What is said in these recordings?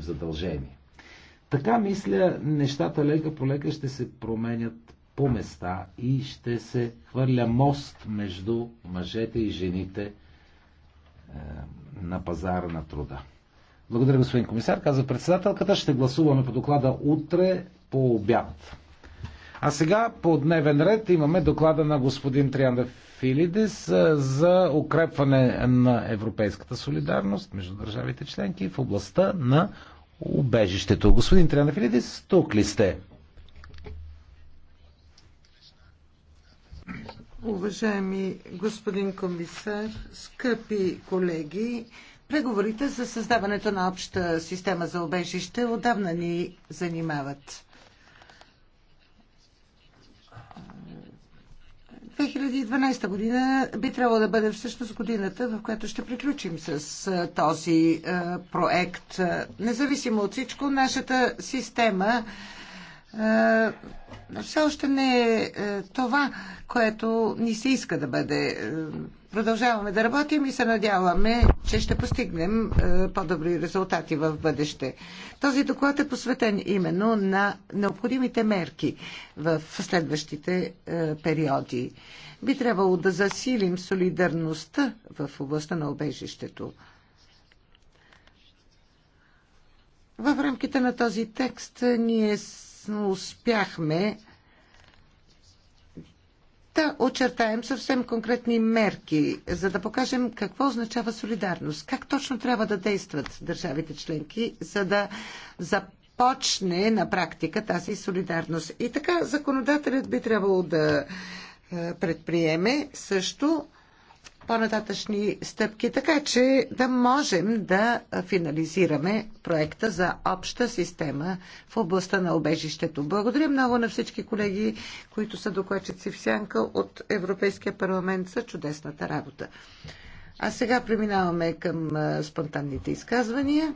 задължение. Така мисля, нещата лека по лека ще се променят по места и ще се хвърля мост между мъжете и жените е, на пазара на труда. Благодаря, господин комисар. Каза председателката. Ще гласуваме по доклада утре по обяд. А сега по дневен ред имаме доклада на господин Триандев Филидес за укрепване на европейската солидарност между държавите членки в областта на убежището. Господин Филидес, тук ли сте? Уважаеми господин комисар, скъпи колеги, преговорите за създаването на обща система за обежище отдавна ни занимават. 2012 година би трябвало да бъде всъщност годината, в която ще приключим с този проект. Независимо от всичко, нашата система все още не е това, което ни се иска да бъде. Продължаваме да работим и се надяваме, че ще постигнем е, по-добри резултати в бъдеще. Този доклад е посветен именно на необходимите мерки в следващите е, периоди. Би трябвало да засилим солидарността в областта на обежището. В рамките на този текст е, ние успяхме да очертаем съвсем конкретни мерки, за да покажем какво означава солидарност, как точно трябва да действат държавите членки, за да започне на практика тази солидарност. И така законодателят би трябвало да е, предприеме също по-нататъчни стъпки, така че да можем да финализираме проекта за обща система в областта на обежището. Благодаря много на всички колеги, които са докладчици в сянка от Европейския парламент за чудесната работа. А сега преминаваме към спонтанните изказвания.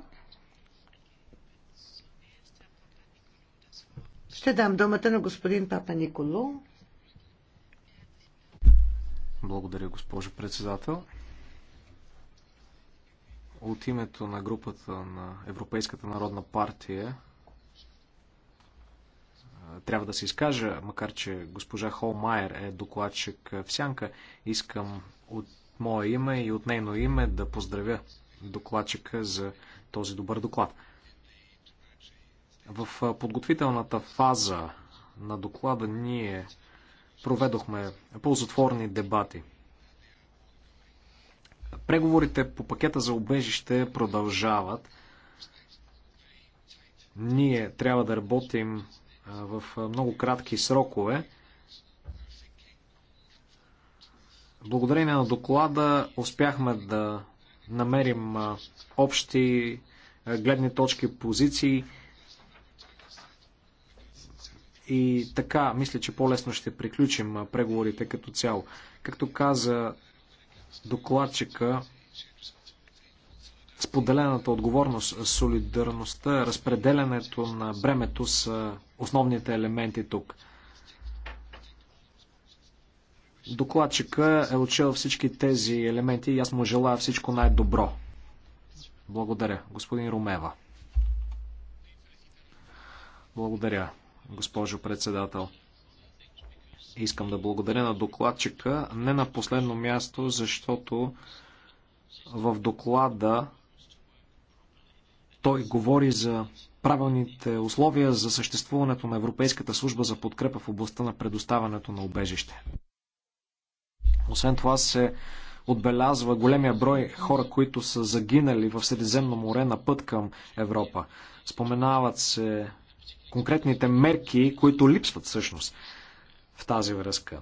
Ще дам думата на господин Папа Николу. Благодаря, госпожо председател. От името на групата на Европейската народна партия трябва да се изкажа, макар че госпожа Холмайер е докладчик в Сянка. Искам от мое име и от нейно име да поздравя докладчика за този добър доклад. В подготвителната фаза на доклада ние проведохме ползотворни дебати. Преговорите по пакета за обежище продължават. Ние трябва да работим в много кратки срокове. Благодарение на доклада успяхме да намерим общи гледни точки, позиции. И така, мисля, че по-лесно ще приключим преговорите като цяло. Както каза докладчика, споделената отговорност, солидарността, разпределянето на бремето са основните елементи тук. Докладчика е учил всички тези елементи и аз му желая всичко най-добро. Благодаря, господин Румева. Благодаря госпожо председател. Искам да благодаря на докладчика, не на последно място, защото в доклада той говори за правилните условия за съществуването на Европейската служба за подкрепа в областта на предоставянето на убежище. Освен това се отбелязва големия брой хора, които са загинали в Средиземно море на път към Европа. Споменават се конкретните мерки, които липсват всъщност в тази връзка.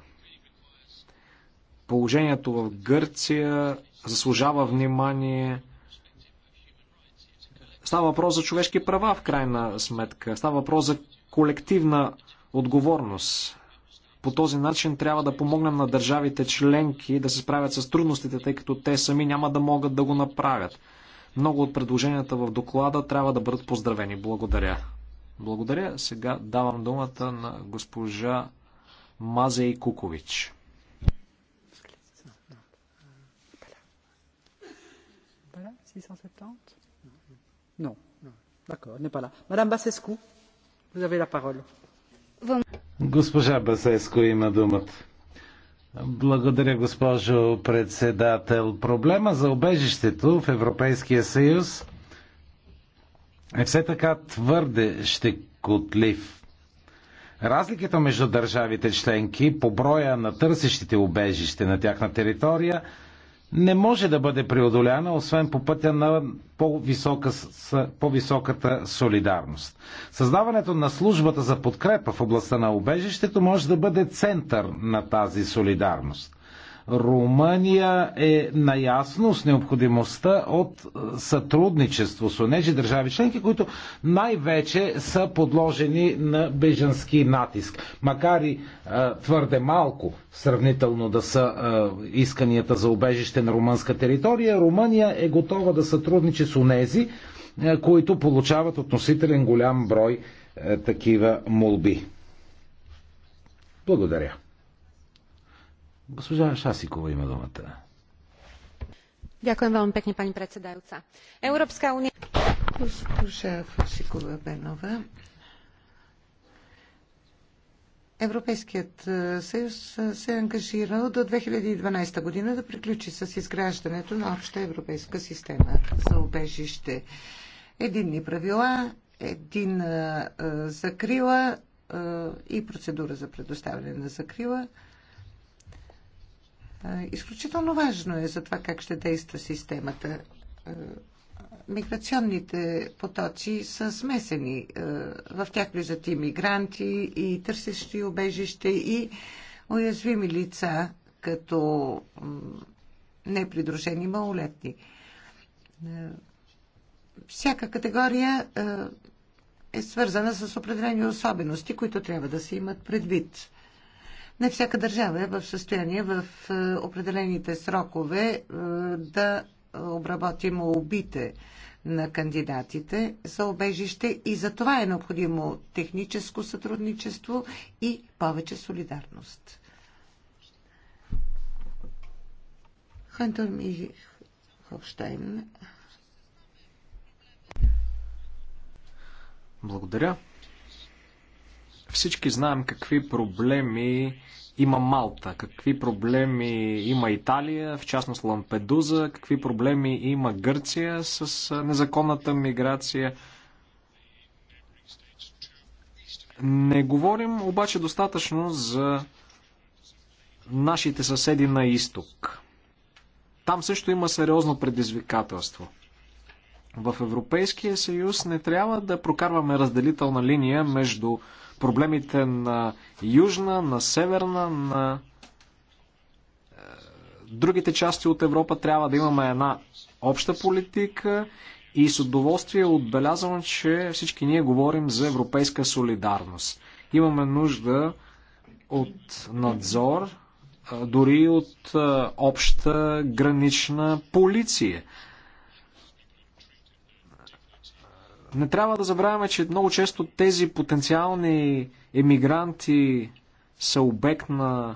Положението в Гърция заслужава внимание. Става въпрос за човешки права, в крайна сметка. Става въпрос за колективна отговорност. По този начин трябва да помогнем на държавите членки да се справят с трудностите, тъй като те сами няма да могат да го направят. Много от предложенията в доклада трябва да бъдат поздравени. Благодаря. Благодаря. Сега давам думата на госпожа Мазей Кукович. Госпожа Басеско има думата. Благодаря, госпожо председател. Проблема за обежището в Европейския съюз е все така твърде щекотлив. Разликата между държавите членки по броя на търсещите убежище на тяхна територия не може да бъде преодоляна, освен по пътя на по-висока, по-високата солидарност. Създаването на службата за подкрепа в областта на убежището може да бъде център на тази солидарност. Румъния е наясно с необходимостта от е, сътрудничество с онежи държави членки, които най-вече са подложени на бежански натиск. Макар и а, е, твърде малко сравнително да са а, е, исканията за обежище на румънска територия, Румъния е готова да сътрудничи с онези, които получават относителен голям брой а, такива молби. Благодаря. Госпожа Шасикова има думата. Ďakujem veľmi pekne, pani predsedajúca. Európska únia... Госпожа Фасикова Бенова. Европейският е, съюз е, се е ангажирал до 2012 година да приключи с изграждането на обща европейска система за обежище. Единни правила, един е, закрила и процедура за предоставяне на закрила – Изключително важно е за това как ще действа системата. Миграционните потоци са смесени. В тях влизат и мигранти, и търсещи обежище, и уязвими лица, като непридружени малолетни. Всяка категория е свързана с определени особености, които трябва да се имат предвид. Не всяка държава е в състояние в е, определените срокове е, да обработи молбите на кандидатите за обежище и за това е необходимо техническо сътрудничество и повече солидарност. Хантор Ми Хопштайн. Благодаря. Всички знаем какви проблеми има Малта, какви проблеми има Италия, в частност Лампедуза, какви проблеми има Гърция с незаконната миграция. Не говорим обаче достатъчно за нашите съседи на изток. Там също има сериозно предизвикателство. В Европейския съюз не трябва да прокарваме разделителна линия между проблемите на Южна, на Северна, на е, другите части от Европа. Трябва да имаме една обща политика и с удоволствие отбелязвам, че всички ние говорим за европейска солидарност. Имаме нужда от надзор, е, дори от е, обща гранична полиция. Не трябва да забравяме, че много често тези потенциални емигранти са обект на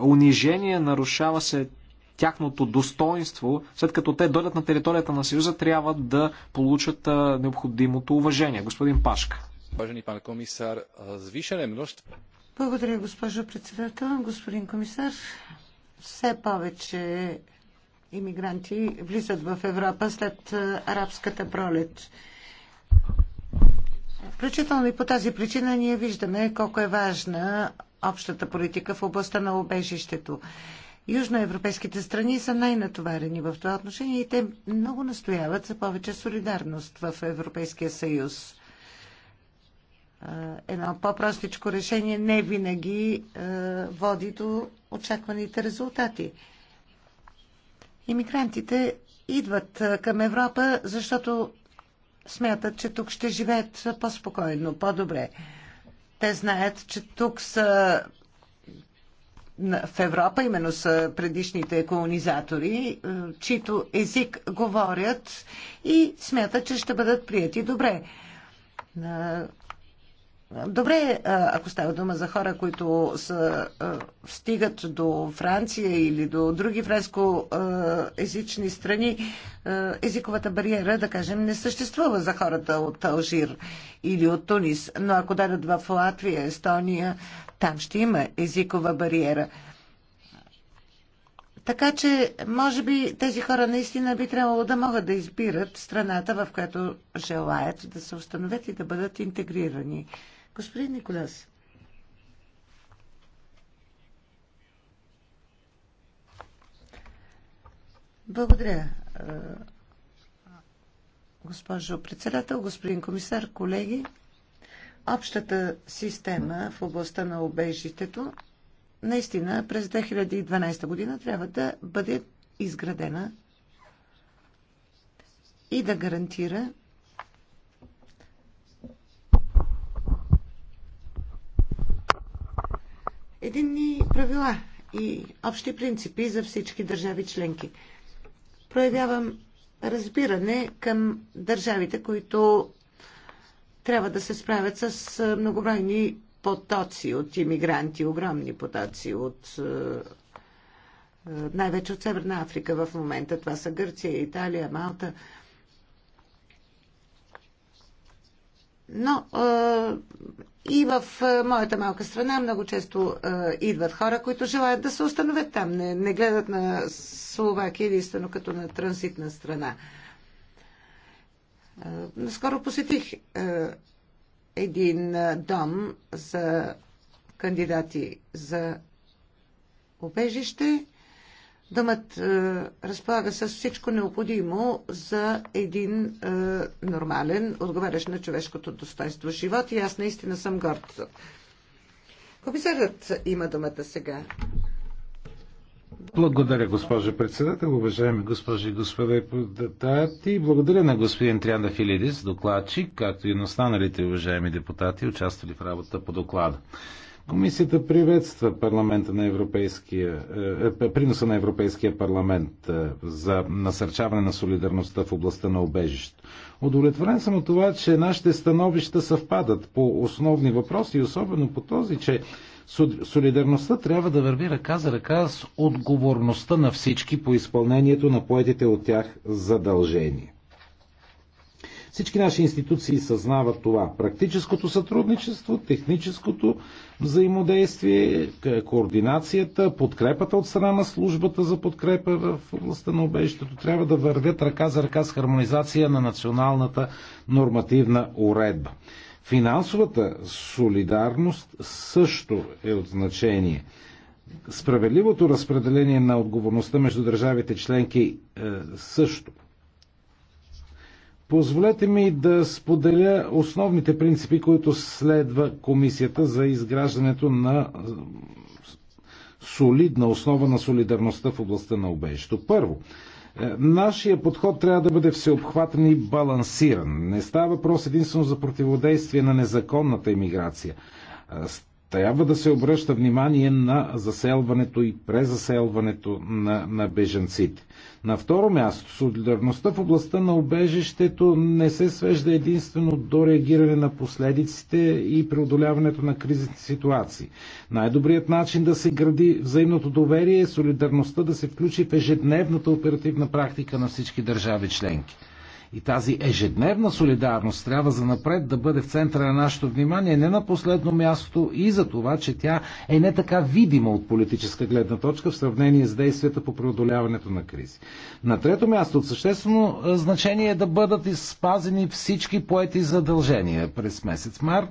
унижение, нарушава се тяхното достоинство, след като те дойдат на територията на Съюза, трябва да получат необходимото уважение. Господин Пашка. Уважени пан комисар, звишене множество. Благодаря, госпожо председател. Господин комисар, все повече иммигранти влизат в Европа след арабската пролет. Включително и по тази причина ние виждаме колко е важна общата политика в областта на обежището. Южноевропейските страни са най-натоварени в това отношение и те много настояват за повече солидарност в Европейския съюз. Едно по-простичко решение не винаги води до очакваните резултати. Имигрантите идват към Европа, защото смятат, че тук ще живеят по-спокойно, по-добре. Те знаят, че тук са в Европа, именно са предишните колонизатори, е, чието език говорят и смятат, че ще бъдат прияти добре. Е, Добре, ако става дума за хора, които са, стигат до Франция или до други езични страни, езиковата бариера, да кажем, не съществува за хората от Алжир или от Тунис. Но ако дадат в Латвия, Естония, там ще има езикова бариера. Така че, може би, тези хора наистина би трябвало да могат да избират страната, в която желаят да се установят и да бъдат интегрирани. Господин Николас. Благодаря, госпожо председател, господин комисар, колеги. Общата система в областта на обежището наистина през 2012 година трябва да бъде изградена и да гарантира единни правила и общи принципи за всички държави членки. Проявявам разбиране към държавите, които трябва да се справят с многобройни потоци от иммигранти, огромни потоци от най-вече от Северна Африка в момента. Това са Гърция, Италия, Малта. Но и в моята малка страна много често идват хора, които желаят да се установят там. Не, не гледат на Словакия единствено като на транзитна страна. Наскоро посетих един дом за кандидати за убежище. Дъмът е, разполага с всичко необходимо за един е, нормален, отговарящ на човешкото достоинство живот и аз наистина съм горд. Комисарът има думата сега. Благодаря, госпожо председател, уважаеми госпожи и господа депутати. Благодаря на господин Трианда Филидис, докладчик, както и на останалите уважаеми депутати, участвали в работа по доклада. Комисията приветства парламента на Европейския, е, е, приноса на Европейския парламент е, за насърчаване на солидарността в областта на обежището. Удовлетворен съм от това, че нашите становища съвпадат по основни въпроси, особено по този, че солидарността трябва да върви ръка за ръка с отговорността на всички по изпълнението на поетите от тях задължения. Всички наши институции съзнават това. Практическото сътрудничество, техническото взаимодействие, координацията, подкрепата от страна на службата за подкрепа в областта на обещането трябва да вървят ръка за ръка с хармонизация на националната нормативна уредба. Финансовата солидарност също е от значение. Справедливото разпределение на отговорността между държавите членки е, също. Позволете ми да споделя основните принципи, които следва комисията за изграждането на солидна основа на солидарността в областта на убежището. Първо, е, Нашия подход трябва да бъде всеобхватен и балансиран. Не става въпрос единствено за противодействие на незаконната иммиграция трябва да се обръща внимание на заселването и презаселването на, на беженците. На второ място, солидарността в областта на обежището не се свежда единствено до реагиране на последиците и преодоляването на кризисни ситуации. Най-добрият начин да се гради взаимното доверие е солидарността да се включи в ежедневната оперативна практика на всички държави членки. И тази ежедневна солидарност трябва за напред да бъде в центъра на нашето внимание, не на последно място и за това, че тя е не така видима от политическа гледна точка в сравнение с действията по преодоляването на кризи. На трето място от съществено значение е да бъдат изпазени всички поети задължения през месец март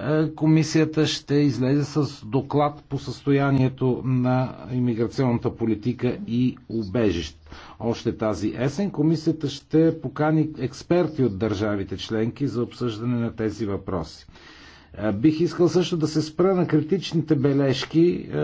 е, комисията ще излезе с доклад по състоянието на иммиграционната политика и убежище. Още тази есен комисията ще покани експерти от държавите членки за обсъждане на тези въпроси. Е, бих искал също да се спра на критичните бележки, е,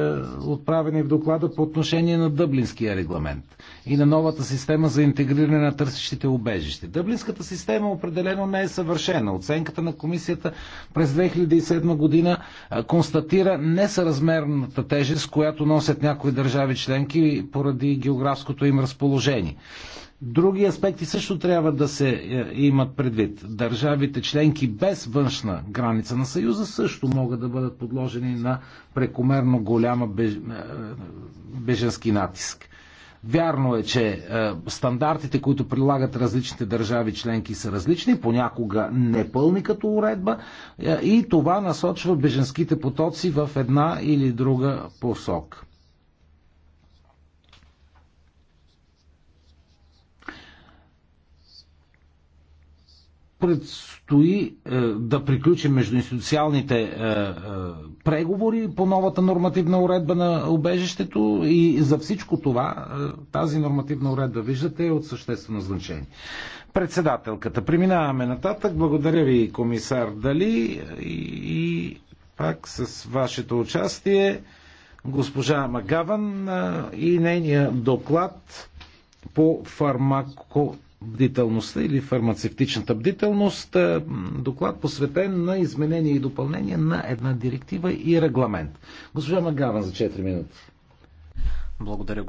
отправени в доклада по отношение на Дъблинския регламент и на новата система за интегриране на търсещите убежище. Дъблинската система определено не е съвършена. Оценката на комисията през 2007 година е, констатира несъразмерната тежест, която носят някои държави членки поради географското им разположение. Други аспекти също трябва да се е, имат предвид. Държавите членки без външна граница на Съюза също могат да бъдат подложени на прекомерно голяма беж... Е, беженски натиск. Вярно е, че е, стандартите, които прилагат различните държави членки са различни, понякога непълни като уредба и това насочва беженските потоци в една или друга посока. предстои е, да приключим междуинституциалните е, е, преговори по новата нормативна уредба на обежището и за всичко това е, тази нормативна уредба, виждате, е от съществено значение. Председателката, преминаваме нататък. Благодаря ви, комисар Дали и, и пак с вашето участие госпожа Магаван е, и нейния доклад по фармако бдителността или фармацевтичната бдителност, е, доклад посветен на изменение и допълнение на една директива и регламент. Госпожа Магаван за 4 минути. Благодаря,